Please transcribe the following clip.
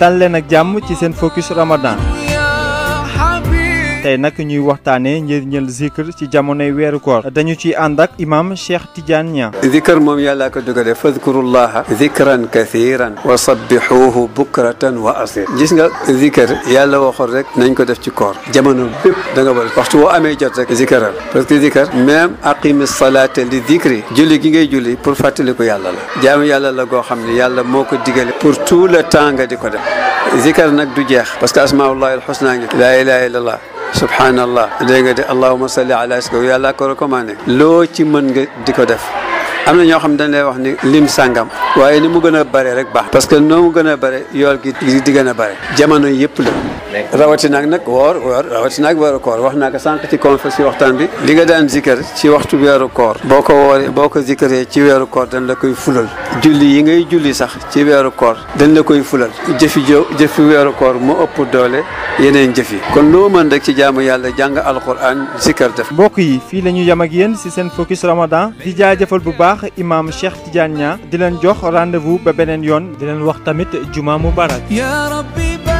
dal leen ak jàmm ci seen focus Ramadan. tey nag ñuy waxtaanee njëriñal zikr ci jamonoy weeru koor dañu ci ànd ak imam Cheikh Tidiane Niang zikr moom yàllaa ko dugale fadkurullaha zikran kathiran wa sabbihuhu bukratan wa asir gis nga zikr yàlla waxoon rek nañ ko def ci koor jamono bépp da nga war waxtu woo amee jot rek zikral parce que zikr même aqimi salata li zikri julli ki ngay julli pour fàttali ko yàlla la jaamu yàlla la goo xam ne yàlla moo ko digale pour tout le temps nga di ko def zikr du jeex parce que asmaullahi subhanallah dégg nga de allahumma salli ala iska yàlla ko recommandé loo ci mën nga di ko def am na ñoo xam dañ lay wax ni lim sàngam waaye ni mu gën a bare rek baax parce que noo mu gën a bare yool gi di gën a bare jamono yëpp la rawatina ak nag woor woor rawatina weeru koor wax naa ko sànq ci conférence waxtaan bi li nga daan zikkër ci waxtu weeru koor boo ko wooree boo ko zikkëree ci weeru koor dañ la koy fulal julli yi ngay julli sax ci weeru koor dañ la koy fulal jëfi jo jëfi weeru koor mu ëpp doole yeneen jëf yi kon loo mën rek ci jaamu yàlla jàng alquran zikkar def mbokk yi fii la ñu yam ak yéen si seen focus ramadan di jaajëfal bu baax imaam Cheikh Tidiane Niang di leen jox rendez-vous ba beneen yoon di leen wax tamit juma mubarak